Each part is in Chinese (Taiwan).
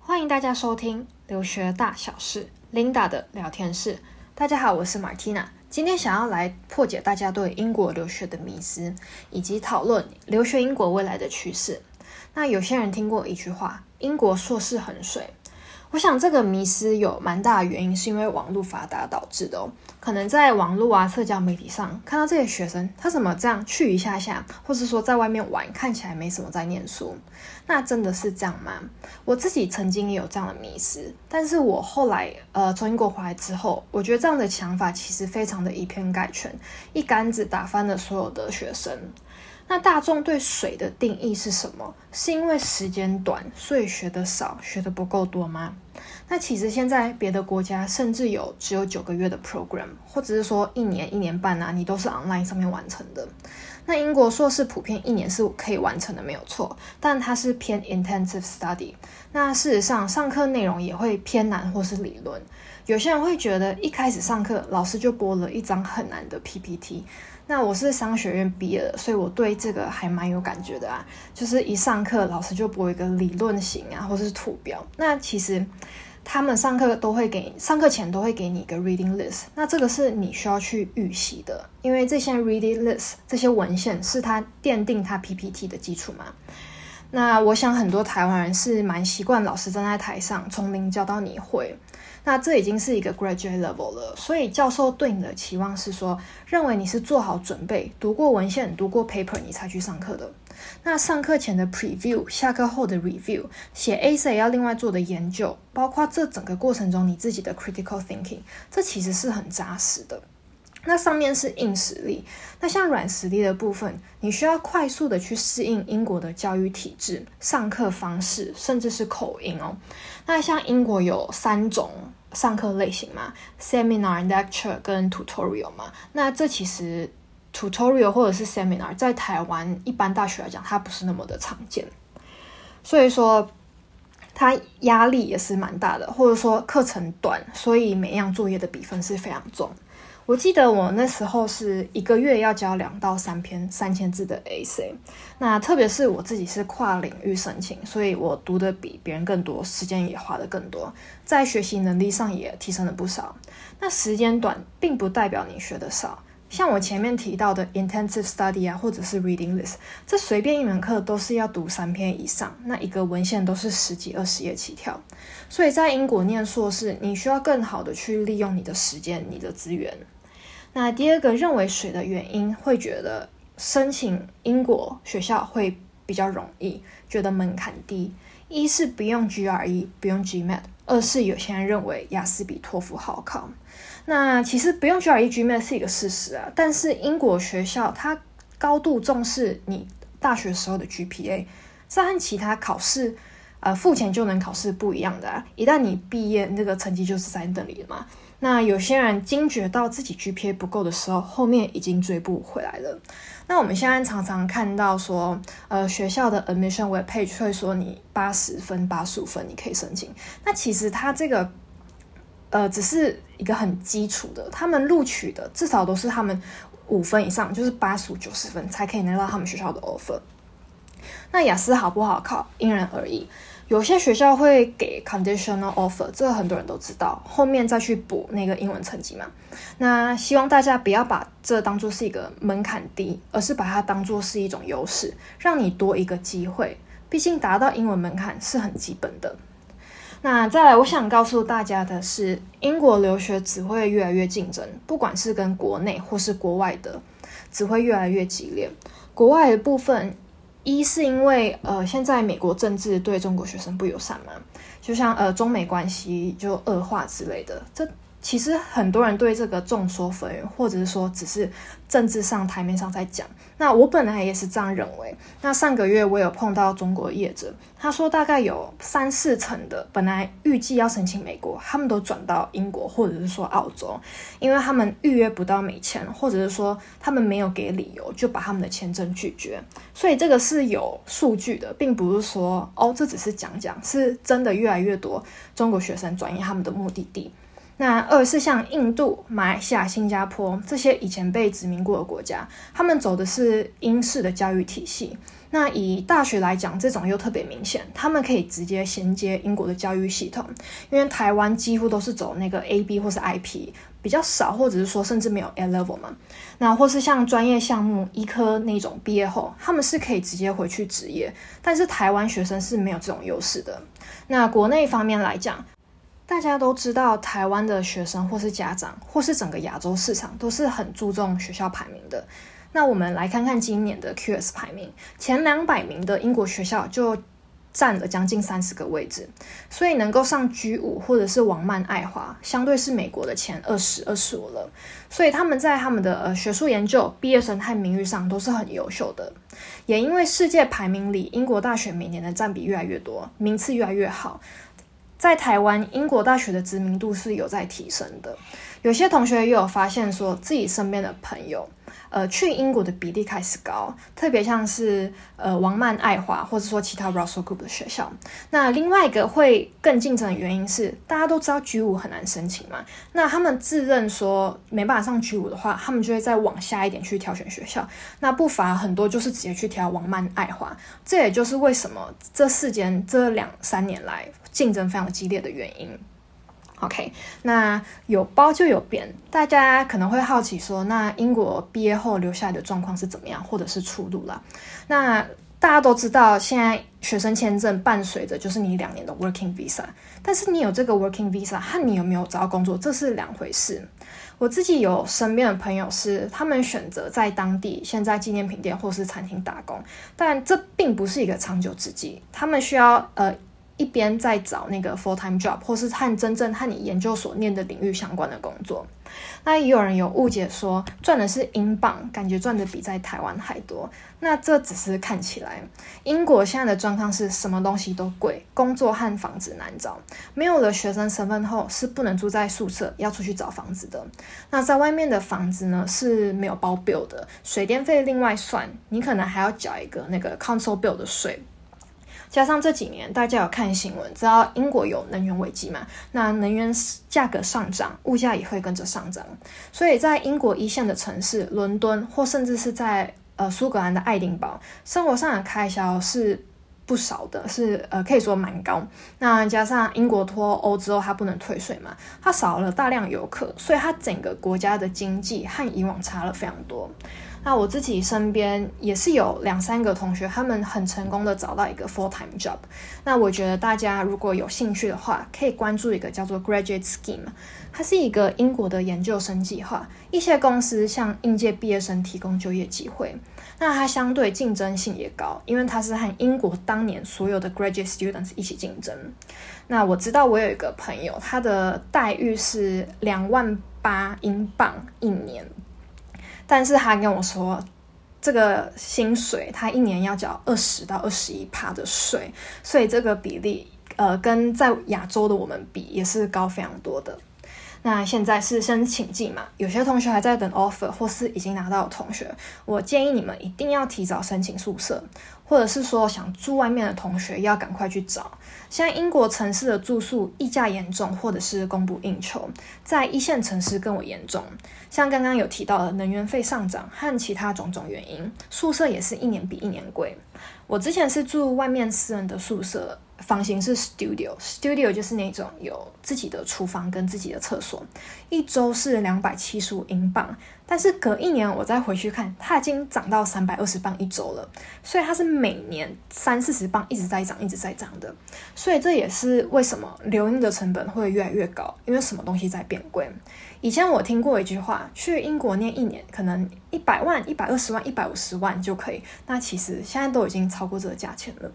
歡迎大家收聽《留學大小事》Linda 的聊天室。大家好，我是 Martina，今天想要來破解大家對英國留學的迷思，以及討論留學英國未來的趨勢。那有些人聽過一句話。英國碩士很水，我想這個迷思有蠻大的原因，是因為網絡發達導致的哦。可能在網絡啊、社交媒體上看到這些學生，他怎麼這樣去一下下，或者說在外面玩，看起來沒什麼在念書，那真的是這樣嗎？我自己曾經也有這樣的迷思，但是我後來呃從英國回來之後，我覺得這樣的想法其實非常的以偏概全，一竿子打翻了所有的學生。那大眾對水的定義是什麼？是因為時間短，所以學得少，學得不夠多嗎？那其實現在別的國家甚至有只有九個月的 program，或者是說一年、一年半啊，你都是 online 上面完成的。那英國碩士普遍一年是可以完成的，沒有錯，但它是偏 intensive study。那事實上，上課內容也會偏難或是理論。有些人會覺得一開始上課，老師就播了一張很難的 PPT。那我是商學院畢業的，所以我對這個還蠻有感覺的啊。就是一上課，老師就播一個理論型啊，或者是圖表。那其實他們上課都會給上課前都會給你一個 reading list，那這個是你需要去預習的，因為這些 reading list 這些文獻是他奠定他 PPT 的基礎嘛。那我想很多台灣人是蠻習慣老師站在台上從零教到你會。那這已經是一個 graduate level 了，所以教授對你的期望是說，認為你是做好準備，讀過文獻，讀過 paper，你才去上課的。那上課前的 preview，下課後的 review，寫 essay 要另外做的研究，包括這整個過程中你自己的 critical thinking，這其實是很紮實的。那上面是硬實力，那像軟實力的部分，你需要快速的去適應英國的教育體制、上課方式，甚至是口音哦。那像英國有三種。上課類型嘛，seminar、lecture 跟 tutorial 嘛，那這其實 tutorial 或者是 seminar 在台灣一般大學來講，它不是那麼的常見，所以說它壓力也是蠻大的，或者說課程短，所以每樣作業的比分是非常重。我記得我那時候是一個月要交兩到三篇三千字的 essay，那特別是我自己是跨領域申請，所以我讀的比別人更多，時間也花的更多，在學習能力上也提升了不少。那時間短並不代表你學的少，像我前面提到的 intensive study 啊，或者是 reading list，這隨便一門課都是要讀三篇以上，那一個文獻都是十幾二十頁起跳，所以在英國念碩士，你需要更好的去利用你的時間，你的資源。那第二個認為水的原因，會覺得申請英國學校會比較容易，覺得門檻低。一是不用 GRE，不用 GMAT；二是有些人認為雅思比托福好考。那其實不用 GRE、GMAT 是一個事實啊，但是英國學校它高度重視你大學時候的 GPA，這和其他考試，呃，付錢就能考試不一樣的啊。一旦你畢業，那個成績就是三等裡了嘛。那有些人驚覺到自己 GPA 不夠的時候，後面已經追不回來了。那我們現在常常看到說，呃，學校的 admission webpage 會說你八十分、八十五分你可以申請。那其實它這個，呃，只是一個很基礎的，他們錄取的至少都是他們五分以上，就是八十五、九十分才可以拿到他們學校的 offer。那雅思好不好考，因人而異。有些學校會給 conditional offer，這個很多人都知道，後面再去補那個英文成績嘛。那希望大家不要把這當做是一個門檻低，而是把它當做是一種優勢，讓你多一個機會。畢竟達到英文門檻是很基本的。那再來我想告訴大家的是，英國留學只會越來越競爭，不管是跟國內或是國外的，只會越來越激烈。國外的部分，一是因為，呃，現在美國政治對中國學生不友善嘛，就像，呃，中美關係就惡化之類的，這。其實很多人對這個眾說紛紜，或者是說只是政治上檯面上在講。那我本來也是這樣認為。那上個月我有碰到中國的業者，他說大概有三四成的本來預計要申請美國，他們都轉到英國或者是說澳洲，因為他們預約不到美簽，或者是說他們沒有給理由就把他們的簽證拒絕。所以這個是有數據的，並不是說哦，這只是講講，是真的越來越多中國學生轉移他們的目的地。那二是像印度、馬來西亞、新加坡這些以前被殖民過的國家，他們走的是英式的教育體系。那以大學來講，這種又特別明顯，他們可以直接銜接英國的教育系統。因為台灣幾乎都是走那個 A B 或是 I P，比較少，或者是說甚至沒有 A Level 嘛。那或是像專業項目、醫科那種畢業後，他們是可以直接回去執業，但是台灣學生是沒有這種優勢的。那國內方面來講。大家都知道，台灣的學生或是家長，或是整個亞洲市場，都是很注重學校排名的。那我們來看看今年的 QS 排名，前兩百名的英國學校就占了將近三十個位置，所以能夠上 G 五或者是王曼愛華，相對是美國的前二十、二十五了。所以他們在他們的學術研究、畢業生和名譽上都是很優秀的。也因為世界排名裡，英國大學每年的占比越來越多，名次越來越好。在台灣，英國大學的知名度是有在提升的。有些同學也有發現說，說自己身邊的朋友，呃，去英國的比例開始高，特別像是呃王曼愛華，或者說其他 Russell Group 的學校。那另外一個會更競爭的原因是，大家都知道 G5 很難申請嘛。那他們自認說沒辦法上 G5 的話，他們就會再往下一點去挑選學校。那不乏很多就是直接去挑王曼愛華。這也就是為什麼這四間這兩三年來。競爭非常激烈的原因。OK，那有包就有變，大家可能會好奇說，那英國畢業後留下來的狀況是怎麼樣，或者是出路了？那大家都知道，現在學生簽證伴隨着就是你兩年的 working visa，但是你有這個 working visa 和你有沒有找到工作，這是兩回事。我自己有身邊的朋友是他們選擇在當地現在紀念品店或是餐廳打工，但這並不是一個長久之計，他們需要呃。一邊在找那個 full time job，或是和真正和你研究所念的領域相關的工作，那也有人有誤解說賺的是英鎊，感覺賺的比在台灣還多，那這只是看起來。英國現在的狀況是什麼東西都貴，工作和房子難找。沒有了學生身份後，是不能住在宿舍，要出去找房子的。那在外面的房子呢，是沒有包 bill 的，水電費另外算，你可能還要繳一個那個 council bill 的稅。加上這幾年，大家有看新聞，知道英國有能源危機嘛？那能源價格上漲，物價也會跟着上漲。所以在英國一線的城市，倫敦或甚至是在呃蘇格蘭的愛丁堡，生活上的開銷是不少的，是呃可以說蠻高。那加上英國脫歐之後，它不能退稅嘛，它少了大量遊客，所以它整個國家的經濟和以往差了非常多。那我自己身邊也是有兩三個同學，他們很成功的找到一個 full-time job。那我覺得大家如果有興趣的話，可以關注一個叫做 graduate scheme，它是一個英國的研究生計劃，一些公司向應屆畢業生提供就業機會。那它相對競爭性也高，因為它是和英國當年所有的 graduate students 一起競爭。那我知道我有一個朋友，他的待遇是兩萬八英鎊一年。但是他跟我說，這個薪水他一年要繳二十到二十一趴的稅，所以這個比例，呃，跟在亞洲的我們比也是高非常多的。那現在是申請季嘛，有些同學還在等 offer，或是已經拿到的同學，我建議你們一定要提早申請宿舍。或者是說想住外面的同學要趕快去找，現在英國城市的住宿溢價嚴重，或者是供不應求，在一線城市更為嚴重。像剛剛有提到的能源費上漲和其他種種原因，宿舍也是一年比一年貴。我之前是住外面私人的宿舍。房型是 studio，studio 就是那種有自己的廚房跟自己的廁所，一周是兩百七十五英鎊，但是隔一年我再回去看，它已經漲到三百二十鎊一周了，所以它是每年三四十鎊一直在漲，一直在漲的，所以這也是為什麼留英的成本會越來越高，因為什麼東西在變貴。以前我聽過一句話，去英國念一年可能一百萬、一百二十萬、一百五十萬就可以，那其實現在都已經超過這個價錢了。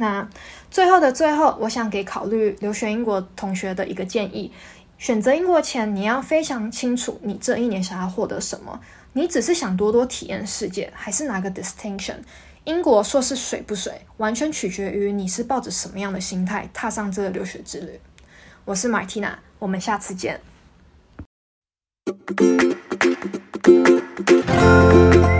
那最後的最後，我想給考慮留學英國同學的一個建議：選擇英國前，你要非常清楚你這一年想要獲得什麼。你只是想多多體驗世界，還是拿個 distinction？英國碩士水不水，完全取決於你是抱着什麼樣的心態踏上這個留學之旅。我是 Martina，我們下次見。